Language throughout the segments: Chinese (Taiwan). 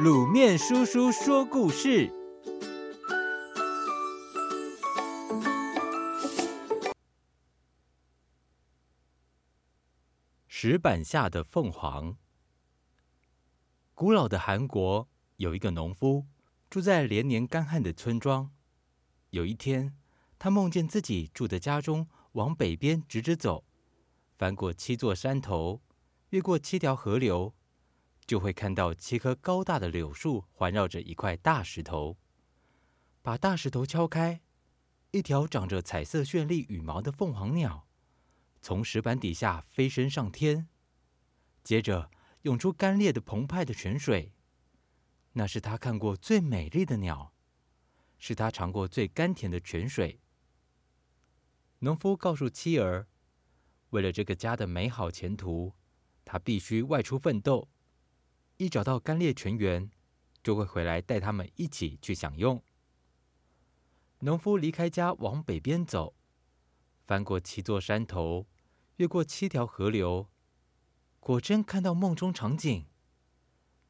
滷麵叔叔說故事：石板下的鳳凰。古老的韓國有一個農夫，住在連年乾旱的村莊。有一天，他夢見自己住的家中往北邊直直走，翻過七座山頭，越過七條河流。就會看到七棵高大的柳樹環繞着一塊大石頭，把大石頭敲開，一條長着彩色絢麗羽毛的鳳凰鳥，從石板底下飛升上天，接着湧出甘冽的澎湃的泉水。那是他看過最美麗的鳥，是他嘗過最甘甜的泉水。農夫告訴妻兒，為了這個家的美好前途，他必須外出奮鬥。一找到甘冽泉源，就會回來帶他們一起去享用。農夫離開家往北邊走，翻過七座山頭，越過七條河流，果真看到夢中場景。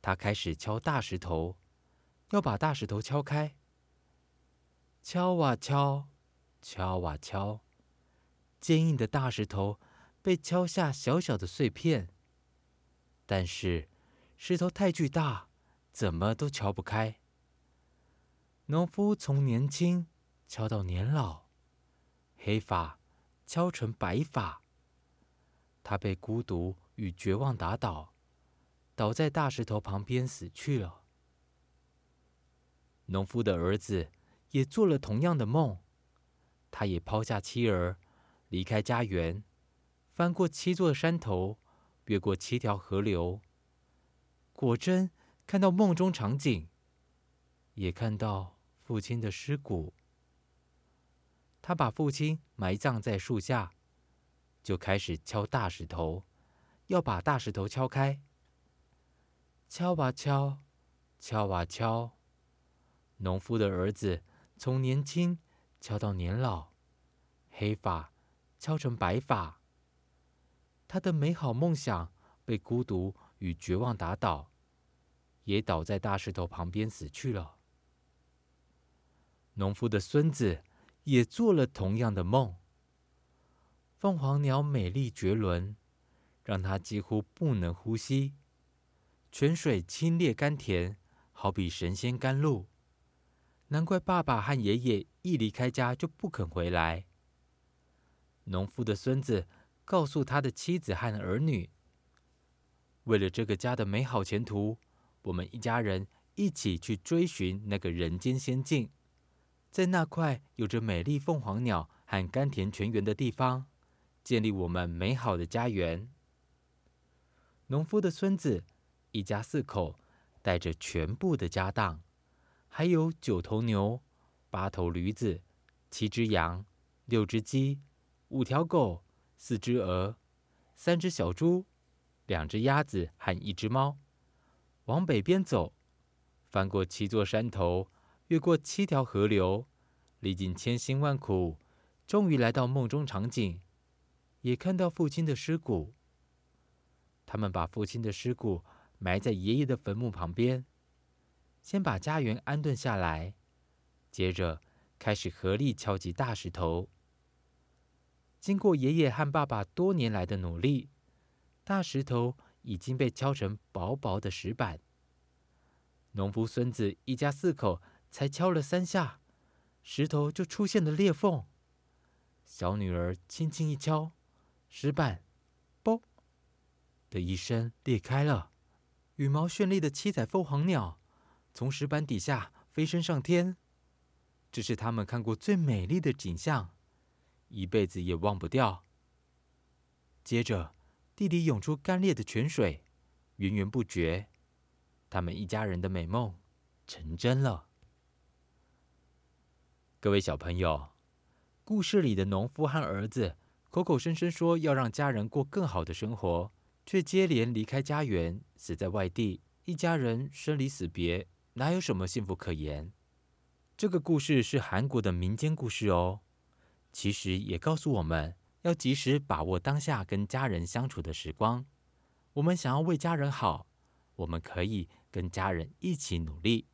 他開始敲大石頭，要把大石頭敲開。敲啊敲，敲啊敲，堅硬的大石頭被敲下小小的碎片，但是。石頭太巨大，怎麼都敲不開。農夫從年輕敲到年老，黑髮敲成白髮。他被孤獨與絕望打倒，倒在大石頭旁邊死去了。農夫的兒子也做了同樣的夢，他也拋下妻兒，離開家園，翻過七座山頭，越過七條河流。果真看到夢中場景，也看到父親的屍骨。他把父親埋葬在樹下，就開始敲大石頭，要把大石頭敲開。敲啊敲，敲啊敲，農夫的兒子從年輕敲到年老，黑髮敲成白髮。他的美好夢想被孤獨與絕望打倒，也倒在大石頭旁邊死去了。農夫的孫子也做了同樣的夢。鳳凰鳥美麗絕倫，讓他幾乎不能呼吸。泉水清冽甘甜，好比神仙甘露。難怪爸爸和爺爺一離開家就不肯回來。農夫的孫子告訴他的妻子和兒女。為了這個家的美好前途，我們一家人一起去追尋那個人間仙境，在那塊有着美麗鳳凰鳥和甘甜泉源的地方，建立我們美好的家園。農夫的孫子一家四口，帶着全部的家當，還有九頭牛、八頭驢子、七隻羊、六隻雞、五條狗、四隻鵝、三隻小豬。兩隻鴨子和一隻貓往北邊走，翻過七座山頭，越過七條河流，歷盡千辛萬苦，終於來到夢中場景，也看到父親的屍骨。他們把父親的屍骨埋在爺爺的墳墓旁邊，先把家園安頓下來，接着開始合力敲擊大石頭。經過爺爺和爸爸多年來的努力。大石頭已經被敲成薄薄的石板。農夫孫子一家四口才敲了三下，石頭就出現了裂縫。小女兒輕輕一敲，石板嘣的一聲裂開了。羽毛絢麗的七彩鳳凰鳥從石板底下飛升上天，這是他們看過最美麗的景象，一輩子也忘不掉。接着。地裡湧出甘冽的泉水，源源不絕。他們一家人的美夢成真了。各位小朋友，故事裡的農夫和兒子口口聲聲說要讓家人過更好的生活，卻接連離開家園，死在外地，一家人生離死別，哪有什麼幸福可言？這個故事是韓國的民間故事哦，其實也告訴我們。要及時把握當下跟家人相處的時光。我們想要為家人好，我們可以跟家人一起努力。